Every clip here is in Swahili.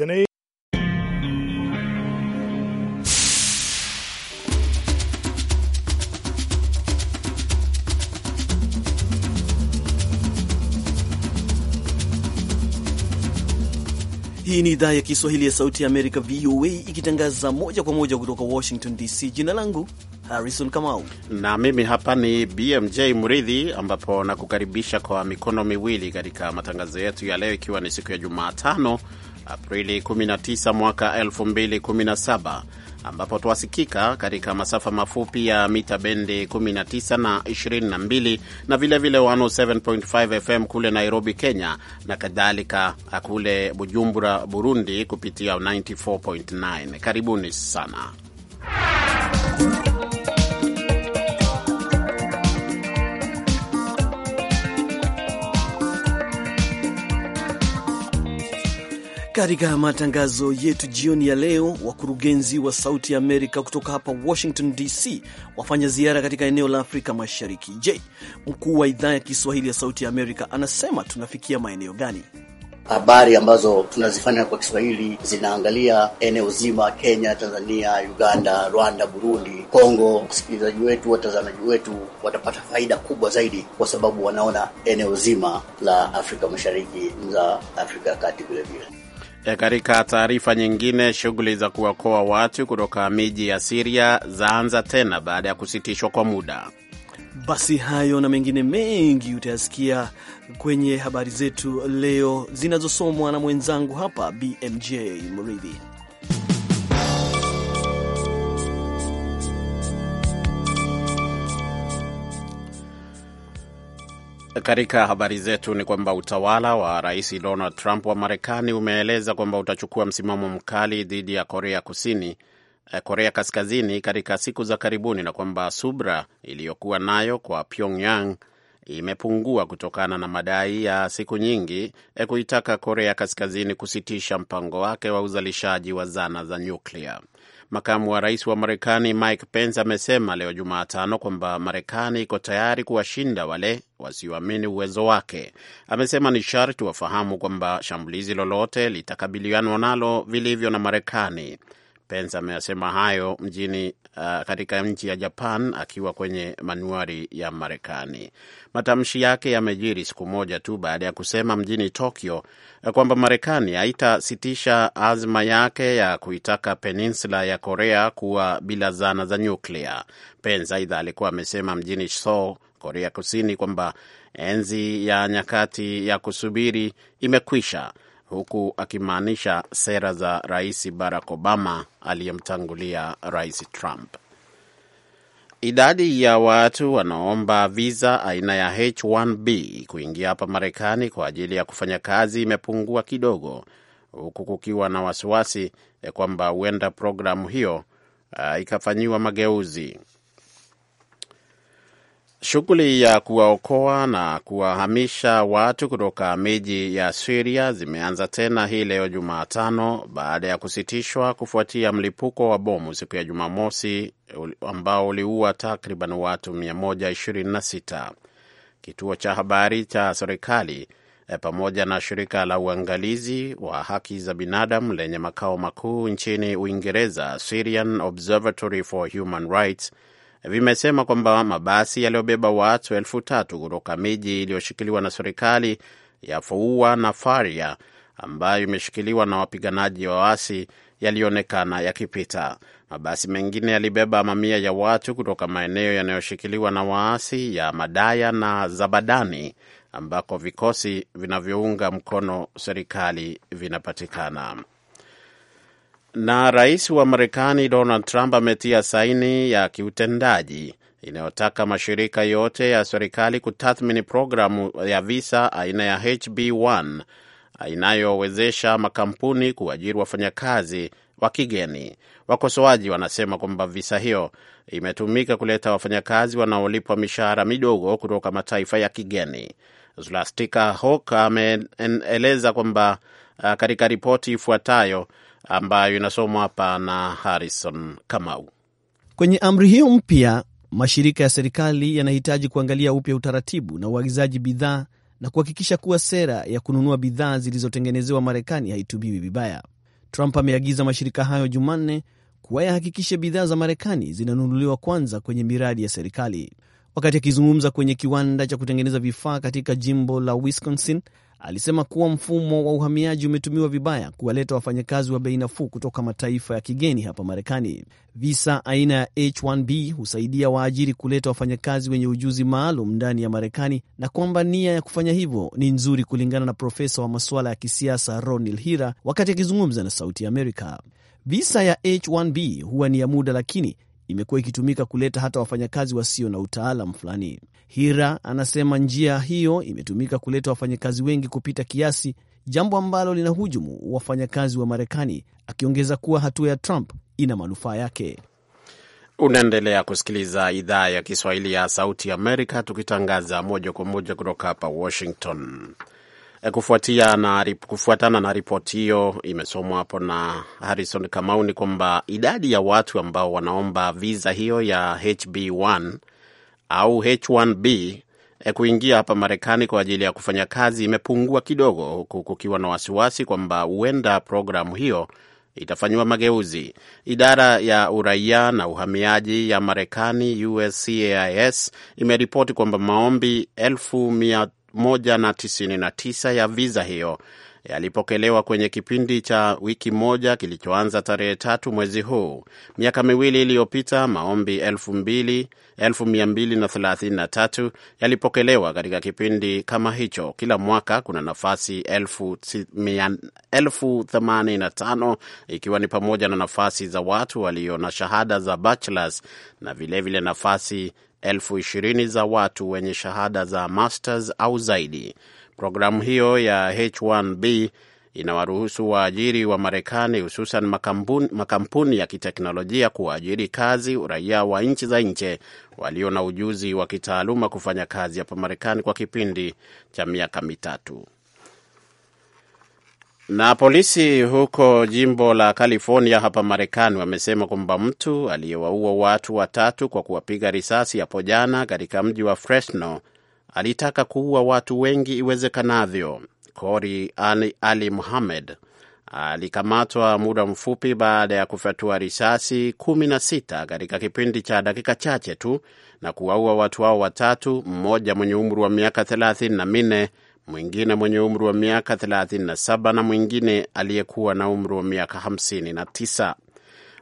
The Hii ni idhaa ya Kiswahili ya Sauti ya Amerika, VOA, ikitangaza moja kwa moja kutoka Washington DC. Jina langu Harrison Kamau na mimi hapa ni BMJ Mridhi, ambapo nakukaribisha kwa mikono miwili katika matangazo yetu ya leo, ikiwa ni siku ya Jumatano Aprili 19 mwaka 2017 ambapo twasikika katika masafa mafupi ya mita bendi 19 na 22 na vilevile 107.5 FM kule Nairobi, Kenya na kadhalika kule Bujumbura, Burundi kupitia 94.9. Karibuni sana Katika matangazo yetu jioni ya leo, wakurugenzi wa Sauti ya Amerika kutoka hapa Washington DC wafanya ziara katika eneo la Afrika Mashariki. Je, mkuu wa idhaa ya Kiswahili ya Sauti ya Amerika anasema tunafikia maeneo gani? Habari ambazo tunazifanya kwa Kiswahili zinaangalia eneo zima: Kenya, Tanzania, Uganda, Rwanda, Burundi, Kongo. Wasikilizaji wetu, watazamaji wetu watapata faida kubwa zaidi, kwa sababu wanaona eneo zima la Afrika Mashariki za Afrika ya Kati vilevile. E, katika taarifa nyingine, shughuli za kuwakoa watu kutoka miji ya Siria zaanza tena baada ya kusitishwa kwa muda. Basi hayo na mengine mengi utayasikia kwenye habari zetu leo zinazosomwa na mwenzangu hapa BMJ Mridhi. Katika habari zetu ni kwamba utawala wa rais Donald Trump wa Marekani umeeleza kwamba utachukua msimamo mkali dhidi ya Korea Kusini, eh, Korea Kaskazini katika siku za karibuni na kwamba subra iliyokuwa nayo kwa Pyongyang imepungua kutokana na madai ya siku nyingi ya eh, kuitaka Korea Kaskazini kusitisha mpango wake wa uzalishaji wa zana za nyuklia. Makamu wa rais wa Marekani Mike Pence amesema leo Jumatano kwamba Marekani iko tayari kuwashinda wale wasioamini uwezo wake. Amesema ni sharti wafahamu kwamba shambulizi lolote litakabilianwa nalo vilivyo na Marekani. Pence ameyasema hayo mjini Uh, katika nchi ya Japan akiwa kwenye manuari ya Marekani. Matamshi yake yamejiri siku moja tu baada ya kusema mjini Tokyo uh, kwamba Marekani haitasitisha azma yake ya kuitaka peninsula ya Korea kuwa bila zana za nyuklia. Pence aidha alikuwa amesema mjini Seoul, Korea Kusini, kwamba enzi ya nyakati ya kusubiri imekwisha huku akimaanisha sera za Rais Barack Obama aliyemtangulia Rais Trump. Idadi ya watu wanaoomba viza aina ya H1B kuingia hapa Marekani kwa ajili ya kufanya kazi imepungua kidogo, huku kukiwa na wasiwasi kwamba huenda programu hiyo uh, ikafanyiwa mageuzi. Shughuli ya kuwaokoa na kuwahamisha watu kutoka miji ya siria zimeanza tena hii leo Jumatano baada ya kusitishwa kufuatia mlipuko wa bomu siku ya Jumamosi ambao uliua takriban watu 126. Kituo cha habari cha serikali eh, pamoja na shirika la uangalizi wa haki za binadamu lenye makao makuu nchini Uingereza, Syrian Observatory for Human Rights vimesema kwamba mabasi yaliyobeba watu elfu tatu kutoka miji iliyoshikiliwa na serikali ya Foua na Faria ambayo imeshikiliwa na wapiganaji wa waasi yalionekana yakipita. Mabasi mengine yalibeba mamia ya watu kutoka maeneo yanayoshikiliwa na waasi ya Madaya na Zabadani ambako vikosi vinavyounga mkono serikali vinapatikana. Na rais wa Marekani Donald Trump ametia saini ya kiutendaji inayotaka mashirika yote ya serikali kutathmini programu ya visa aina ya HB1 inayowezesha makampuni kuajiri wafanyakazi wa kigeni. Wakosoaji wanasema kwamba visa hiyo imetumika kuleta wafanyakazi wanaolipwa mishahara midogo kutoka mataifa ya kigeni. Zulastika Hok ameeleza kwamba uh, katika ripoti ifuatayo ambayo inasomwa hapa na Harrison Kamau. Kwenye amri hiyo mpya, mashirika ya serikali yanahitaji kuangalia upya utaratibu na uagizaji bidhaa na kuhakikisha kuwa sera ya kununua bidhaa zilizotengenezewa Marekani haitumiwi vibaya. Trump ameagiza mashirika hayo Jumanne kuwa yahakikishe bidhaa za Marekani zinanunuliwa kwanza kwenye miradi ya serikali. Wakati akizungumza kwenye kiwanda cha kutengeneza vifaa katika jimbo la Wisconsin Alisema kuwa mfumo wa uhamiaji umetumiwa vibaya kuwaleta wafanyakazi wa bei nafuu kutoka mataifa ya kigeni hapa Marekani. Visa aina ya H1B husaidia waajiri kuleta wafanyakazi wenye ujuzi maalum ndani ya Marekani na kwamba nia ya kufanya hivyo ni nzuri, kulingana na profesa wa masuala ya kisiasa Ronil Hira wakati akizungumza na Sauti Amerika. Visa ya H1B huwa ni ya muda, lakini imekuwa ikitumika kuleta hata wafanyakazi wasio na utaalam fulani. Hira anasema njia hiyo imetumika kuleta wafanyakazi wengi kupita kiasi, jambo ambalo lina hujumu wafanyakazi wa Marekani, akiongeza kuwa hatua ya Trump ina manufaa yake. Unaendelea kusikiliza idhaa ya Kiswahili ya Sauti Amerika, tukitangaza moja kwa moja kutoka hapa Washington. E, kufuatia na, kufuatana na ripoti hiyo imesomwa hapo na Harrison Kamau, ni kwamba idadi ya watu ambao wanaomba viza hiyo ya HB1 au H1B eh, kuingia hapa Marekani kwa ajili ya kufanya kazi imepungua kidogo, huku kukiwa na wasiwasi kwamba huenda programu hiyo itafanyiwa mageuzi. Idara ya uraia na uhamiaji ya Marekani, USCIS, imeripoti kwamba maombi 1199 ya viza hiyo yalipokelewa kwenye kipindi cha wiki moja kilichoanza tarehe tatu mwezi huu. Miaka miwili iliyopita maombi 2233 yalipokelewa katika kipindi kama hicho. Kila mwaka kuna nafasi 85 ikiwa ni pamoja na nafasi za watu walio na shahada za bachelors na vilevile vile nafasi elfu ishirini za watu wenye shahada za masters au zaidi. Programu hiyo ya H1B inawaruhusu waajiri wa Marekani, hususan makampuni ya kiteknolojia, kuwaajiri kazi raia wa nchi za nje walio na ujuzi wa kitaaluma kufanya kazi hapa Marekani kwa kipindi cha miaka mitatu. Na polisi huko jimbo la California hapa Marekani wamesema kwamba mtu aliyewaua watu watatu kwa kuwapiga risasi hapo jana katika mji wa Fresno alitaka kuua watu wengi iwezekanavyo. Kori Ali, Ali Muhamed alikamatwa muda mfupi baada ya kufyatua risasi kumi na sita katika kipindi cha dakika chache tu na kuwaua watu hao watatu, mmoja mwenye umri wa miaka thelathini na minne mwingine mwenye umri wa miaka 37 na mwingine aliyekuwa na umri wa miaka 59.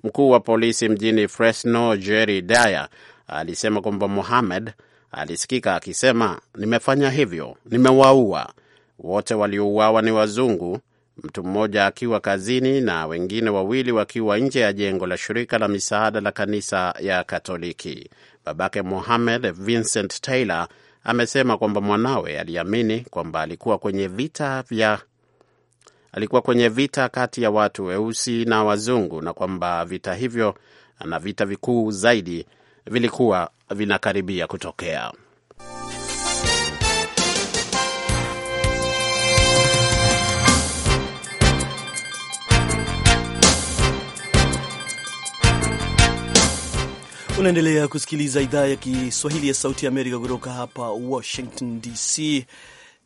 Mkuu wa polisi mjini Fresno, Jerry Dyer, alisema kwamba Mohamed alisikika akisema, nimefanya hivyo, nimewaua wote. Waliouawa ni wazungu, mtu mmoja akiwa kazini na wengine wawili wakiwa nje ya jengo la shirika la misaada la kanisa ya Katoliki. Babake Mohamed Vincent Taylor amesema kwamba mwanawe aliamini kwamba alikuwa kwenye vita vya alikuwa kwenye vita kati ya watu weusi na wazungu na kwamba vita hivyo na vita vikuu zaidi vilikuwa vinakaribia kutokea. Unaendelea kusikiliza idhaa ya Kiswahili ya Sauti ya Amerika kutoka hapa Washington DC,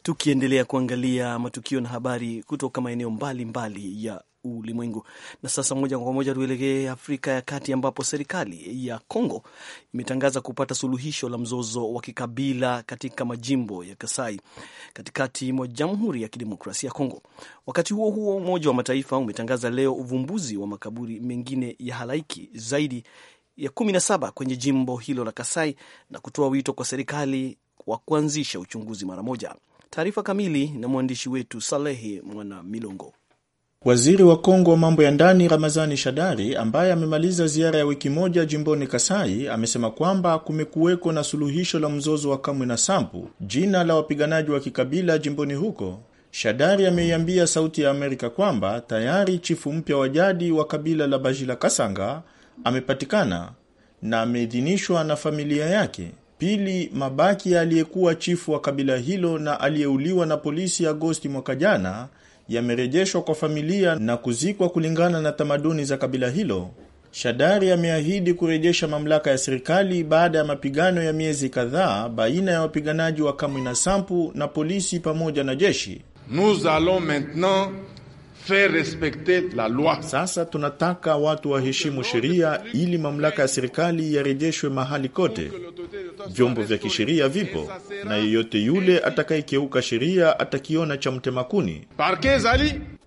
tukiendelea kuangalia matukio na habari kutoka maeneo mbalimbali ya ulimwengu. Na sasa moja kwa moja tuelekee Afrika ya Kati, ambapo serikali ya Kongo imetangaza kupata suluhisho la mzozo wa kikabila katika majimbo ya Kasai katikati mwa Jamhuri ya Kidemokrasia ya Kongo. Wakati huo huo, Umoja wa Mataifa umetangaza leo uvumbuzi wa makaburi mengine ya halaiki zaidi ya saba kwenye jimbo hilo la Kasai na kutoa wito kwa serikali wa kuanzisha uchunguzi mara moja. Taarifa kamili na mwandishi wetu Salehi Mwana Milongo. Waziri wa Kongo wa mambo ya ndani Ramazani Shadari ambaye amemaliza ziara ya wiki moja jimboni Kasai amesema kwamba kumekuweko na suluhisho la mzozo wa Kamwe na Sampu, jina la wapiganaji wa kikabila jimboni huko. Shadari ameiambia Sauti ya Amerika kwamba tayari chifu mpya wa jadi wa kabila la Bajila Kasanga amepatikana na ameidhinishwa na familia yake. Pili Mabaki aliyekuwa chifu wa kabila hilo na aliyeuliwa na polisi Agosti mwaka jana yamerejeshwa kwa familia na kuzikwa kulingana na tamaduni za kabila hilo. Shadari ameahidi kurejesha mamlaka ya serikali baada ya mapigano ya miezi kadhaa baina ya wapiganaji wa Kamwina sampu na polisi pamoja na jeshi. Nous allons maintenant sasa tunataka watu waheshimu sheria ili mamlaka ya serikali yarejeshwe mahali kote. Vyombo vya kisheria vipo na yeyote yule atakayekeuka sheria atakiona cha mtemakuni.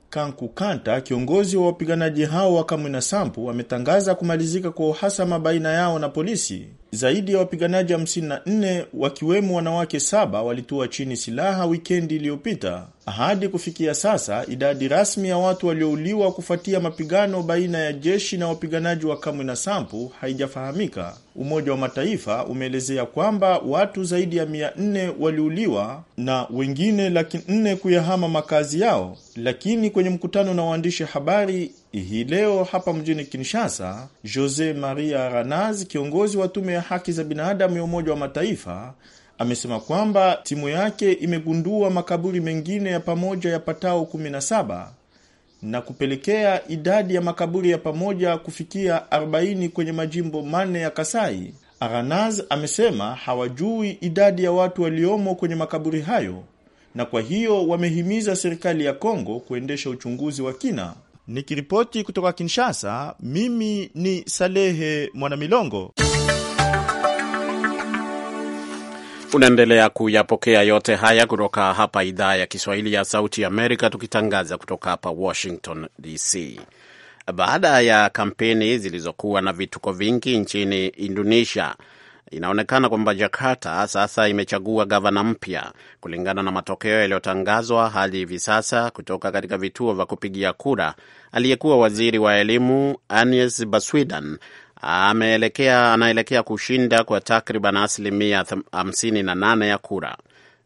Kanku Kanta, kiongozi wa wapiganaji hao wa Kamwina Sampu, ametangaza kumalizika kwa uhasama baina yao na polisi. Zaidi ya wapiganaji 54 wakiwemo wanawake saba walitua chini silaha wikendi iliyopita. Hadi kufikia sasa idadi rasmi ya watu waliouliwa kufuatia mapigano baina ya jeshi na wapiganaji wa Kamwe na Sampu haijafahamika. Umoja wa Mataifa umeelezea kwamba watu zaidi ya 4 waliuliwa na wengine laki nne kuyahama makazi yao, lakini kwenye mkutano na waandishi habari hii leo hapa mjini Kinshasa, Jose Maria Ranaz, kiongozi wa tume ya haki za binadamu ya Umoja wa Mataifa amesema kwamba timu yake imegundua makaburi mengine ya pamoja ya patao 17 na kupelekea idadi ya makaburi ya pamoja kufikia 40 kwenye majimbo manne ya Kasai. aranaz amesema hawajui idadi ya watu waliomo kwenye makaburi hayo, na kwa hiyo wamehimiza serikali ya Kongo kuendesha uchunguzi wa kina. Nikiripoti kutoka Kinshasa, mimi ni Salehe Mwanamilongo. Unaendelea kuyapokea yote haya kutoka hapa idhaa ya Kiswahili ya Sauti Amerika, tukitangaza kutoka hapa Washington DC. Baada ya kampeni zilizokuwa na vituko vingi nchini Indonesia, inaonekana kwamba Jakarta sasa imechagua gavana mpya kulingana na matokeo yaliyotangazwa hadi hivi sasa kutoka katika vituo vya kupigia kura. Aliyekuwa waziri wa elimu Anies Baswedan ameelekea anaelekea kushinda kwa takriban asilimia 58 ya kura.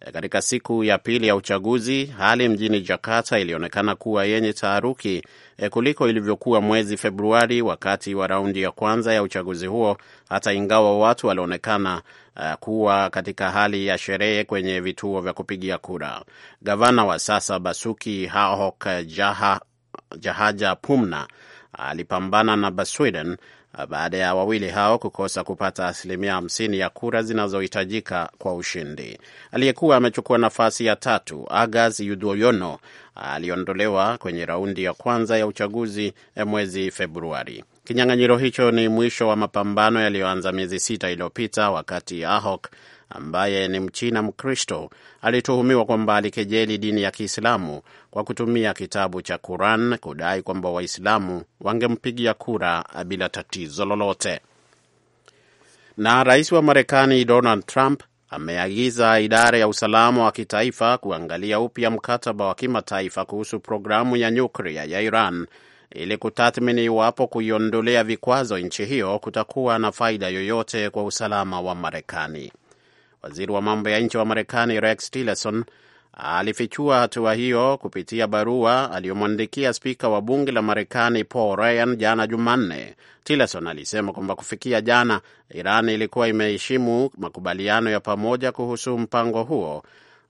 E, katika siku ya pili ya uchaguzi, hali mjini Jakarta ilionekana kuwa yenye taharuki e, kuliko ilivyokuwa mwezi Februari wakati wa raundi ya kwanza ya uchaguzi huo, hata ingawa watu walionekana e, kuwa katika hali ya sherehe kwenye vituo vya kupigia kura. Gavana wa sasa Basuki hahok Jaha, Jahaja Pumna alipambana na Baswedan baada ya wawili hao kukosa kupata asilimia hamsini ya kura zinazohitajika kwa ushindi. Aliyekuwa amechukua nafasi ya tatu Agas Yudhoyono aliondolewa kwenye raundi ya kwanza ya uchaguzi eh, mwezi Februari. Kinyang'anyiro hicho ni mwisho wa mapambano yaliyoanza miezi sita iliyopita wakati Ahok ambaye ni Mchina Mkristo alituhumiwa kwamba alikejeli dini ya Kiislamu kwa kutumia kitabu cha Quran kudai kwamba Waislamu wangempigia kura bila tatizo lolote. Na rais wa Marekani Donald Trump ameagiza idara ya usalama wa kitaifa kuangalia upya mkataba wa kimataifa kuhusu programu ya nyuklia ya Iran ili kutathmini iwapo kuiondolea vikwazo nchi hiyo kutakuwa na faida yoyote kwa usalama wa Marekani. Waziri wa mambo ya nje wa Marekani Rex Tillerson alifichua hatua hiyo kupitia barua aliyomwandikia spika wa bunge la Marekani Paul Ryan jana Jumanne. Tillerson alisema kwamba kufikia jana, Iran ilikuwa imeheshimu makubaliano ya pamoja kuhusu mpango huo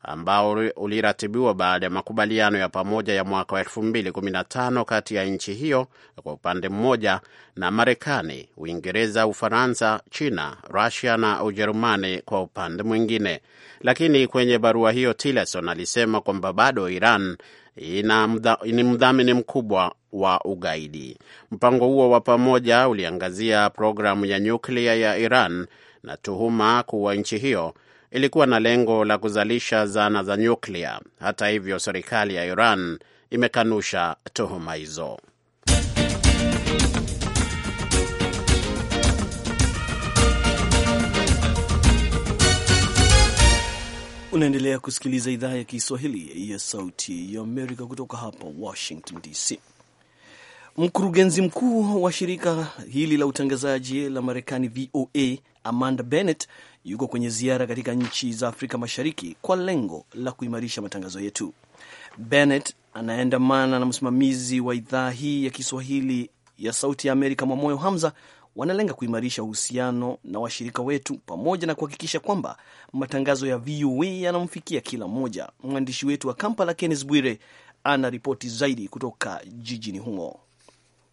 ambao uliratibiwa baada ya makubaliano ya pamoja ya mwaka wa 2015 kati ya nchi hiyo kwa upande mmoja na Marekani, Uingereza, Ufaransa, China, Rusia na Ujerumani kwa upande mwingine. Lakini kwenye barua hiyo, Tillerson alisema kwamba bado Iran ni mdhamini mkubwa wa ugaidi. Mpango huo wa pamoja uliangazia programu ya nyuklia ya Iran na tuhuma kuwa nchi hiyo ilikuwa na lengo la kuzalisha zana za nyuklia. Hata hivyo, serikali ya Iran imekanusha tuhuma hizo. Unaendelea kusikiliza idhaa ya Kiswahili ya Sauti ya Amerika kutoka hapa Washington DC. Mkurugenzi mkuu wa shirika hili la utangazaji la Marekani, VOA, Amanda Bennett yuko kwenye ziara katika nchi za Afrika Mashariki kwa lengo la kuimarisha matangazo yetu. Bennett anayeandamana na msimamizi wa idhaa hii ya Kiswahili ya Sauti ya Amerika, Mwamoyo Hamza, wanalenga kuimarisha uhusiano na washirika wetu pamoja na kuhakikisha kwamba matangazo ya VOA yanamfikia kila mmoja. Mwandishi wetu wa Kampala, Kennes Bwire, ana ripoti zaidi kutoka jijini humo.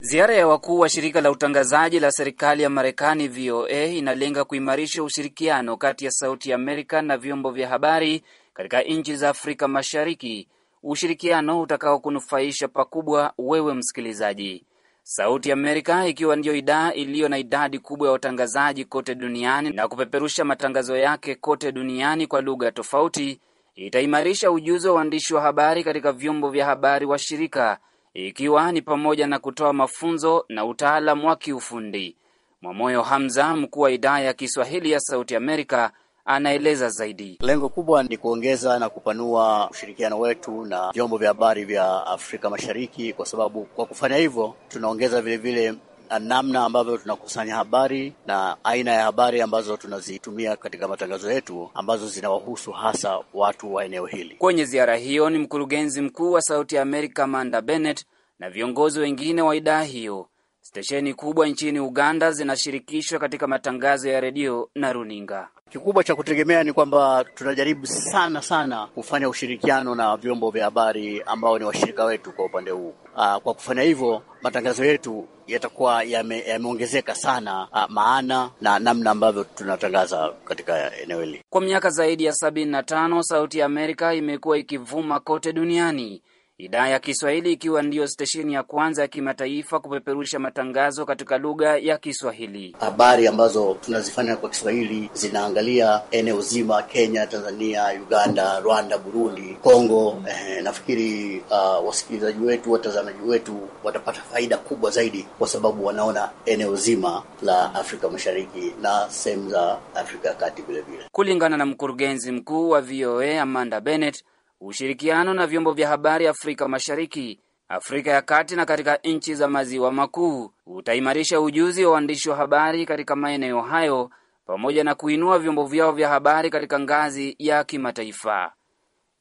Ziara ya wakuu wa shirika la utangazaji la serikali ya Marekani VOA inalenga kuimarisha ushirikiano kati ya Sauti ya Amerika na vyombo vya habari katika nchi za Afrika Mashariki, ushirikiano utakaokunufaisha kunufaisha pakubwa wewe msikilizaji. Sauti Amerika ikiwa ndiyo idhaa iliyo na idadi kubwa ya watangazaji kote duniani na kupeperusha matangazo yake kote duniani kwa lugha tofauti, itaimarisha ujuzi wa waandishi wa habari katika vyombo vya habari wa shirika ikiwa ni pamoja na kutoa mafunzo na utaalam wa kiufundi. Mwamoyo Hamza, mkuu wa idara ya Kiswahili ya Sauti Amerika, anaeleza zaidi. Lengo kubwa ni kuongeza na kupanua ushirikiano wetu na vyombo vya habari vya Afrika Mashariki, kwa sababu kwa kufanya hivyo tunaongeza vilevile na namna ambavyo tunakusanya habari na aina ya habari ambazo tunazitumia katika matangazo yetu ambazo zinawahusu hasa watu wa eneo hili. Kwenye ziara hiyo ni mkurugenzi mkuu wa Sauti ya Amerika Amanda Bennett na viongozi wengine wa idara hiyo. Stesheni kubwa nchini Uganda zinashirikishwa katika matangazo ya redio na runinga. Kikubwa cha kutegemea ni kwamba tunajaribu sana sana kufanya ushirikiano na vyombo vya habari ambao ni washirika wetu kwa upande huu. Ah, kwa kufanya hivyo matangazo yetu yatakuwa yameongezeka yame sana a, ah, maana na namna ambavyo tunatangaza katika eneo hili. Kwa miaka zaidi ya sabini na tano Sauti ya Amerika imekuwa ikivuma kote duniani Idhaa ya Kiswahili ikiwa ndiyo stesheni ya kwanza ya kimataifa kupeperusha matangazo katika lugha ya Kiswahili. Habari ambazo tunazifanya kwa Kiswahili zinaangalia eneo zima, Kenya, Tanzania, Uganda, Rwanda, Burundi, Kongo. Eh, nafikiri uh, wasikilizaji wetu, watazamaji wetu watapata faida kubwa zaidi, kwa sababu wanaona eneo zima la Afrika Mashariki na sehemu za Afrika ya Kati vilevile. Kulingana na mkurugenzi mkuu wa VOA Amanda Bennett ushirikiano na vyombo vya habari Afrika Mashariki, Afrika ya Kati na katika nchi za maziwa makuu utaimarisha ujuzi wa waandishi wa habari katika maeneo hayo pamoja na kuinua vyombo vyao vya habari katika ngazi ya kimataifa.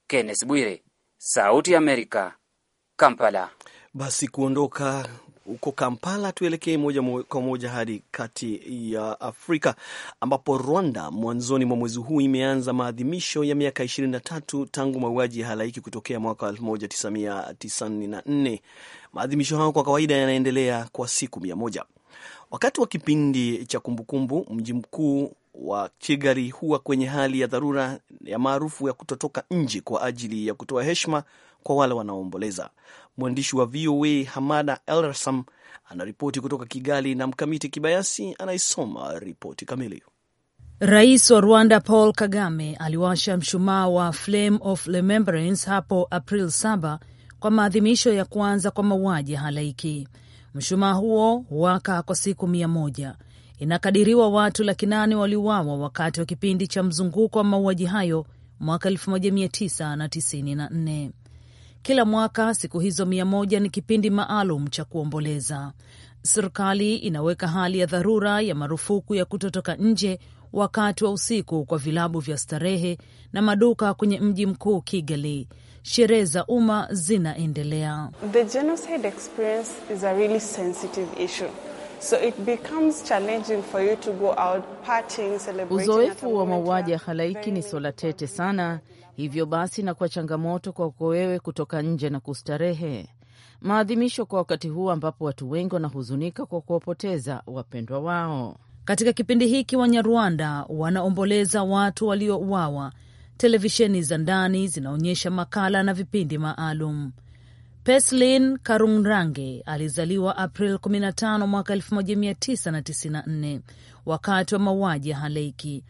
Kenneth Bwire, Sauti ya Amerika, Kampala. Basi kuondoka huko Kampala. Tuelekee moja kwa moja hadi kati ya Afrika ambapo Rwanda mwanzoni mwa mwezi huu imeanza maadhimisho ya miaka 23 tangu mauaji ya halaiki kutokea mwaka 1994. Maadhimisho hayo kwa kawaida yanaendelea kwa siku mia moja. Wakati wa kipindi cha kumbukumbu, mji mkuu wa kigali huwa kwenye hali ya dharura ya maarufu ya kutotoka nje kwa ajili ya kutoa heshima kwa wale wanaoomboleza. Mwandishi wa VOA Hamada Elrasam anaripoti kutoka Kigali na Mkamiti Kibayasi anaisoma ripoti kamili. Rais wa Rwanda Paul Kagame aliwasha mshumaa wa Flame of Remembrance hapo April 7 kwa maadhimisho ya kwanza kwa mauaji halaiki. Mshumaa huo huwaka kwa siku mia moja Inakadiriwa watu laki nane waliuawa wakati wa kipindi cha mzunguko wa mauaji hayo mwaka 1994. Kila mwaka siku hizo mia moja ni kipindi maalum cha kuomboleza. Serikali inaweka hali ya dharura ya marufuku ya kutotoka nje wakati wa usiku kwa vilabu vya starehe na maduka kwenye mji mkuu Kigali. Sherehe za umma zinaendelea. The genocide experience is a really sensitive issue. So it becomes challenging for you to go out partying, celebrating. Uzoefu wa mauaji ya halaiki ni swala tete sana, hivyo basi inakuwa changamoto kwako wewe kutoka nje na kustarehe. Maadhimisho kwa wakati huu ambapo watu wengi wanahuzunika kwa kuwapoteza wapendwa wao. Katika kipindi hiki Wanyarwanda wanaomboleza watu waliouawa. Televisheni za ndani zinaonyesha makala na vipindi maalum. Peslin Karungrange alizaliwa April 15 mwaka 1994 wakati wa mauaji ya halaiki.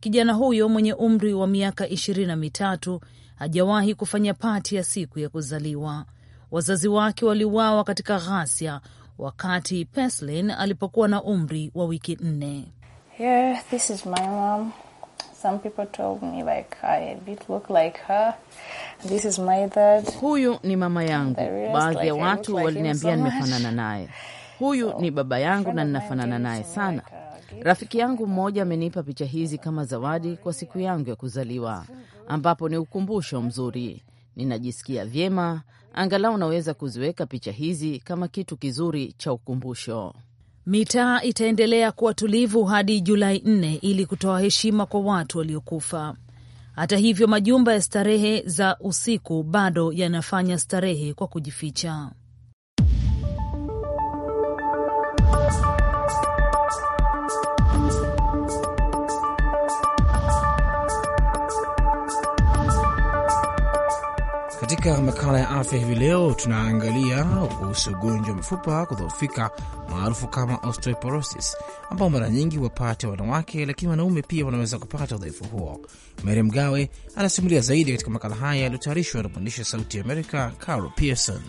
Kijana huyo mwenye umri wa miaka ishirini na mitatu hajawahi kufanya pati ya siku ya kuzaliwa. Wazazi wake waliuawa katika ghasia wakati Peslin alipokuwa na umri wa wiki nne. Some people told me like I a bit look like her. This is my dad. Huyu ni mama yangu. Baadhi like ya watu waliniambia nimefanana naye. Huyu so, ni baba yangu na ninafanana naye sana. Uh, Rafiki yangu mmoja amenipa picha hizi kama zawadi kwa siku yangu ya kuzaliwa, ambapo ni ukumbusho mzuri. Ninajisikia vyema, angalau naweza kuziweka picha hizi kama kitu kizuri cha ukumbusho. Mitaa itaendelea kuwa tulivu hadi Julai nne ili kutoa heshima kwa watu waliokufa. Hata hivyo, majumba ya starehe za usiku bado yanafanya starehe kwa kujificha. Katika makala ya afya hivi leo tunaangalia kuhusu ugonjwa wa mifupa kudhoofika maarufu kama osteoporosis, ambao mara nyingi wapate wanawake, lakini wanaume pia wanaweza kupata udhaifu huo. Mary Mgawe anasimulia zaidi katika makala haya yaliyotayarishwa na mwandishi wa Sauti ya Amerika Carol Pearson.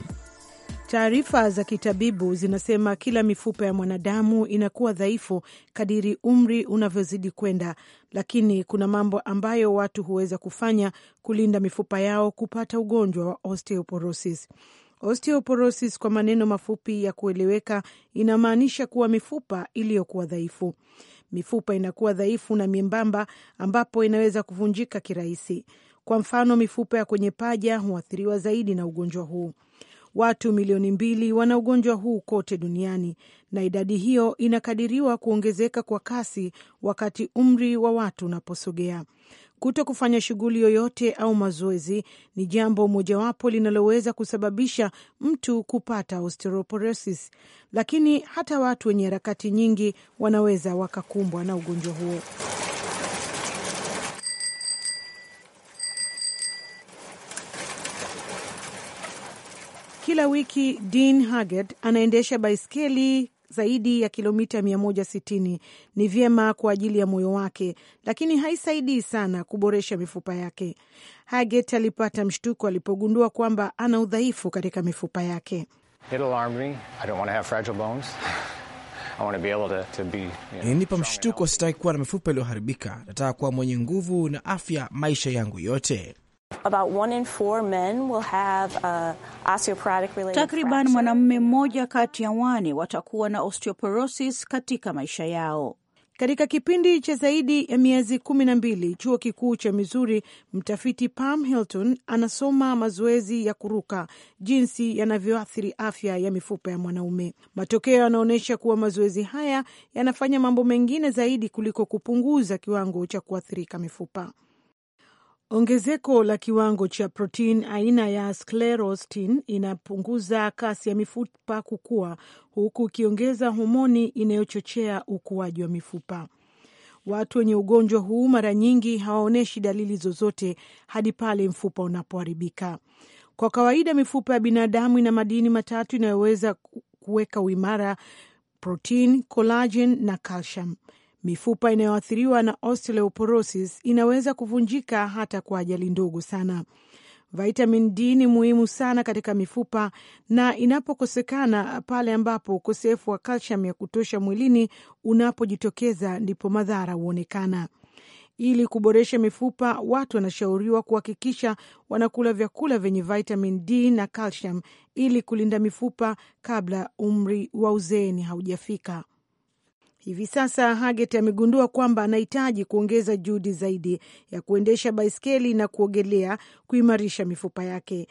Taarifa za kitabibu zinasema kila mifupa ya mwanadamu inakuwa dhaifu kadiri umri unavyozidi kwenda, lakini kuna mambo ambayo watu huweza kufanya kulinda mifupa yao kupata ugonjwa wa osteoporosis. Osteoporosis kwa maneno mafupi ya kueleweka, inamaanisha kuwa mifupa iliyokuwa dhaifu. Mifupa inakuwa dhaifu na miembamba, ambapo inaweza kuvunjika kirahisi. Kwa mfano, mifupa ya kwenye paja huathiriwa zaidi na ugonjwa huu. Watu milioni mbili wana ugonjwa huu kote duniani na idadi hiyo inakadiriwa kuongezeka kwa kasi wakati umri wa watu unaposogea. Kuto kufanya shughuli yoyote au mazoezi ni jambo mojawapo linaloweza kusababisha mtu kupata osteoporosis, lakini hata watu wenye harakati nyingi wanaweza wakakumbwa na ugonjwa huo. Kila wiki Dean haget anaendesha baiskeli zaidi ya kilomita 160. Ni vyema kwa ajili ya moyo wake, lakini haisaidii sana kuboresha mifupa yake. Haget alipata mshtuko alipogundua kwamba ana udhaifu katika mifupa yake. Ilinipa mshtuko, sitaki kuwa na mifupa iliyoharibika. Nataka kuwa mwenye nguvu na afya maisha yangu yote. Uh, Takriban mwanamume mmoja kati ya wane watakuwa na osteoporosis katika maisha yao. Katika kipindi cha zaidi ya miezi kumi na mbili, chuo kikuu cha mizuri mtafiti Pam Hilton anasoma mazoezi ya kuruka, jinsi yanavyoathiri afya ya mifupa ya mwanaume. Matokeo yanaonyesha kuwa mazoezi haya yanafanya mambo mengine zaidi kuliko kupunguza kiwango cha kuathirika mifupa. Ongezeko la kiwango cha protein aina ya sclerostin inapunguza kasi ya mifupa kukua huku ikiongeza homoni inayochochea ukuaji wa mifupa. Watu wenye ugonjwa huu mara nyingi hawaonyeshi dalili zozote hadi pale mfupa unapoharibika. Kwa kawaida, mifupa ya binadamu ina madini matatu inayoweza kuweka uimara: protein, collagen na calcium mifupa inayoathiriwa na osteoporosis inaweza kuvunjika hata kwa ajali ndogo sana. Vitamin D ni muhimu sana katika mifupa na inapokosekana, pale ambapo ukosefu wa kalsiamu ya kutosha mwilini unapojitokeza, ndipo madhara huonekana. Ili kuboresha mifupa, watu wanashauriwa kuhakikisha wanakula vyakula vyenye vitamin D na calcium ili kulinda mifupa kabla umri wa uzeeni haujafika. Hivi sasa Haget amegundua kwamba anahitaji kuongeza juhudi zaidi ya kuendesha baiskeli na kuogelea kuimarisha mifupa yake.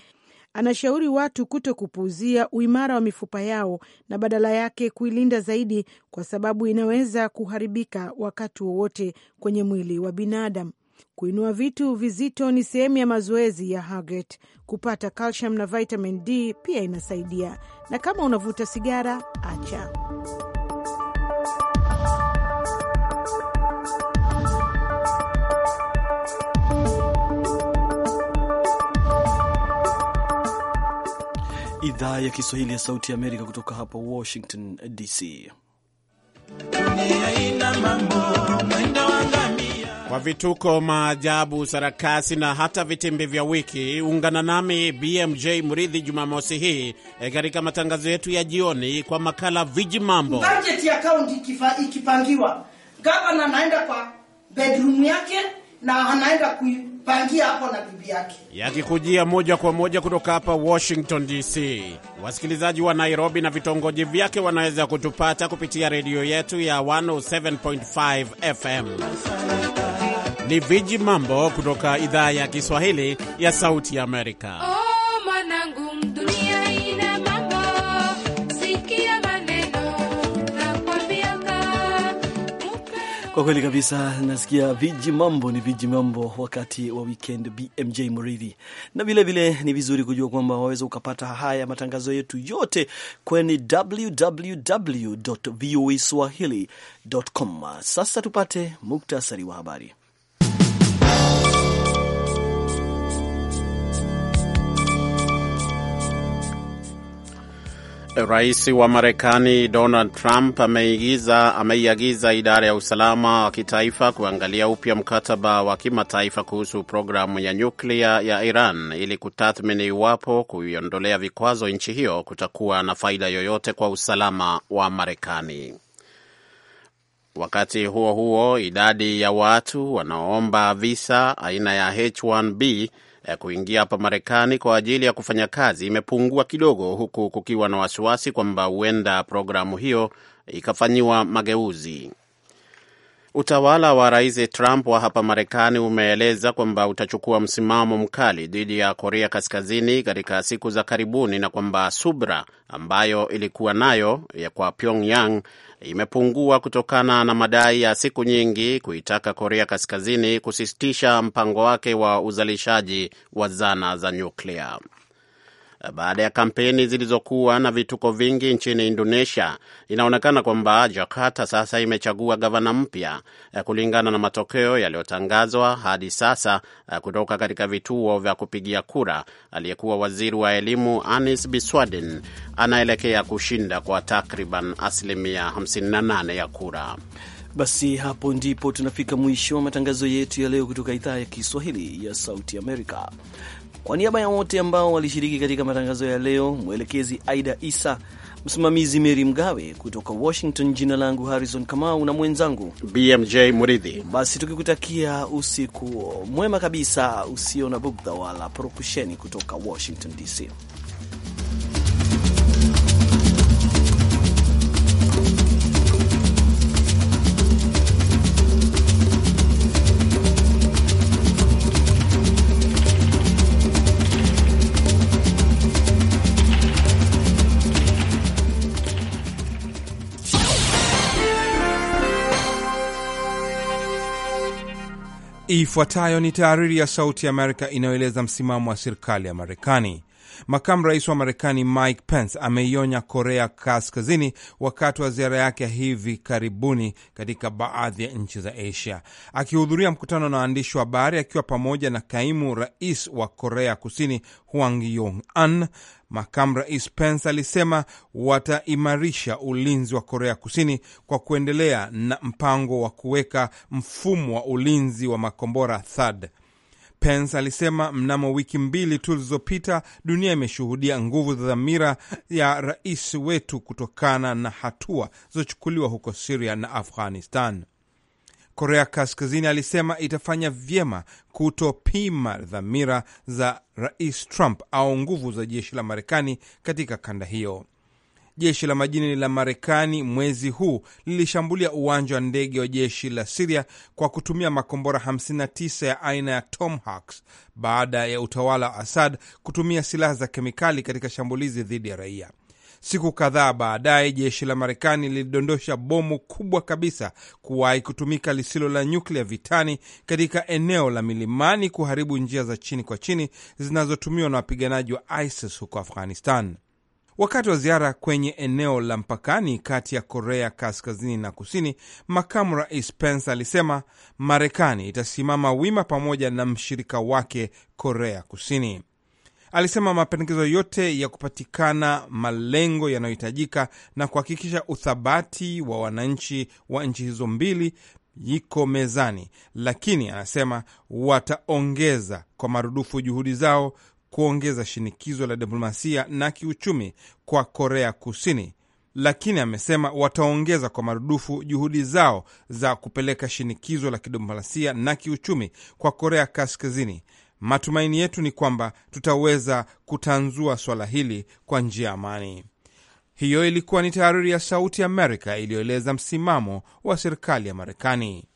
Anashauri watu kuto kupuuzia uimara wa mifupa yao na badala yake kuilinda zaidi, kwa sababu inaweza kuharibika wakati wowote kwenye mwili wa binadamu. Kuinua vitu vizito ni sehemu ya mazoezi ya Haget. Kupata calcium na vitamin D pia inasaidia, na kama unavuta sigara, acha. idhaa ya Kiswahili ya Sauti ya Amerika kutoka hapa Washington DC. Kwa vituko, maajabu, sarakasi na hata vitimbi vya wiki, ungana nami BMJ Mridhi Jumamosi hii eh, katika matangazo yetu ya jioni kwa makala viji mambo. Bajeti ya kaunti ikipangiwa, gavana anaenda kwa bedroom yake na anaenda kujipangia hapo na bibi yake. Yakikujia moja kwa moja kutoka hapa Washington DC. Wasikilizaji wa Nairobi na vitongoji vyake wanaweza kutupata kupitia redio yetu ya 107.5 FM. Ni viji mambo kutoka idhaa ya Kiswahili ya Sauti ya Amerika. Kwa kweli kabisa, nasikia viji mambo ni viji mambo wakati wa weekend, BMJ Muridhi. Na vilevile ni vizuri kujua kwamba waweza ukapata haya matangazo yetu yote kwenye www voa swahili com. Sasa tupate muktasari wa habari. Rais wa Marekani Donald Trump ameiagiza idara ya usalama wa kitaifa kuangalia upya mkataba wa kimataifa kuhusu programu ya nyuklia ya Iran ili kutathmini iwapo kuiondolea vikwazo nchi hiyo kutakuwa na faida yoyote kwa usalama wa Marekani. Wakati huo huo, idadi ya watu wanaoomba visa aina ya H1B Eh, kuingia hapa Marekani kwa ajili ya kufanya kazi imepungua kidogo, huku kukiwa na wasiwasi kwamba huenda programu hiyo ikafanyiwa mageuzi. Utawala wa Rais Trump wa hapa Marekani umeeleza kwamba utachukua msimamo mkali dhidi ya Korea Kaskazini katika siku za karibuni na kwamba subra ambayo ilikuwa nayo ya kwa Pyongyang imepungua kutokana na madai ya siku nyingi kuitaka Korea Kaskazini kusitisha mpango wake wa uzalishaji wa zana za nyuklia baada ya kampeni zilizokuwa na vituko vingi nchini Indonesia. Inaonekana kwamba Jakarta sasa imechagua gavana mpya eh, kulingana na matokeo yaliyotangazwa hadi sasa eh, kutoka katika vituo vya kupigia kura. Aliyekuwa waziri wa elimu Anis Biswadin anaelekea kushinda kwa takriban asilimia 58 ya kura. Basi hapo ndipo tunafika mwisho wa matangazo yetu ya leo kutoka idhaa ya Kiswahili ya Sauti Amerika. Kwa niaba ya wote ambao walishiriki katika matangazo ya leo, mwelekezi Aida Isa, msimamizi Meri Mgawe kutoka Washington, jina langu Harrison Kamau na mwenzangu BMJ Muridhi, basi tukikutakia usiku mwema kabisa usio na bugdha wala prokusheni kutoka Washington DC. Ifuatayo ni tahariri ya Sauti ya Amerika inayoeleza msimamo wa serikali ya Marekani. Makamu rais wa Marekani Mike Pence ameionya Korea Kaskazini wakati wa ziara yake ya hivi karibuni katika baadhi ya nchi za Asia. Akihudhuria mkutano na waandishi wa habari akiwa pamoja na kaimu rais wa Korea Kusini Hwang Yong An, Makamu rais Pence alisema wataimarisha ulinzi wa Korea Kusini kwa kuendelea na mpango wa kuweka mfumo wa ulinzi wa makombora THAD. Pence alisema mnamo wiki mbili tu zilizopita dunia imeshuhudia nguvu za dhamira ya rais wetu kutokana na hatua zilizochukuliwa huko Siria na Afghanistan. Korea Kaskazini alisema itafanya vyema kutopima dhamira za rais Trump au nguvu za jeshi la Marekani katika kanda hiyo jeshi la majini la Marekani mwezi huu lilishambulia uwanja wa ndege wa jeshi la Siria kwa kutumia makombora 59 ya aina ya Tomahawks baada ya utawala wa Assad kutumia silaha za kemikali katika shambulizi dhidi ya raia. Siku kadhaa baadaye jeshi la Marekani lilidondosha bomu kubwa kabisa kuwahi kutumika lisilo la nyuklia vitani katika eneo la milimani kuharibu njia za chini kwa chini zinazotumiwa na wapiganaji wa ISIS huko Afghanistan. Wakati wa ziara kwenye eneo la mpakani kati ya Korea Kaskazini na Kusini, makamu rais Pence alisema Marekani itasimama wima pamoja na mshirika wake Korea Kusini. Alisema mapendekezo yote ya kupatikana malengo yanayohitajika na kuhakikisha uthabati wa wananchi wa nchi hizo mbili iko mezani, lakini anasema wataongeza kwa marudufu juhudi zao kuongeza shinikizo la diplomasia na kiuchumi kwa Korea Kusini, lakini amesema wataongeza kwa marudufu juhudi zao za kupeleka shinikizo la kidiplomasia na kiuchumi kwa Korea Kaskazini. Matumaini yetu ni kwamba tutaweza kutanzua swala hili kwa njia ya amani. Hiyo ilikuwa ni tahariri ya Sauti ya Amerika iliyoeleza msimamo wa serikali ya Marekani.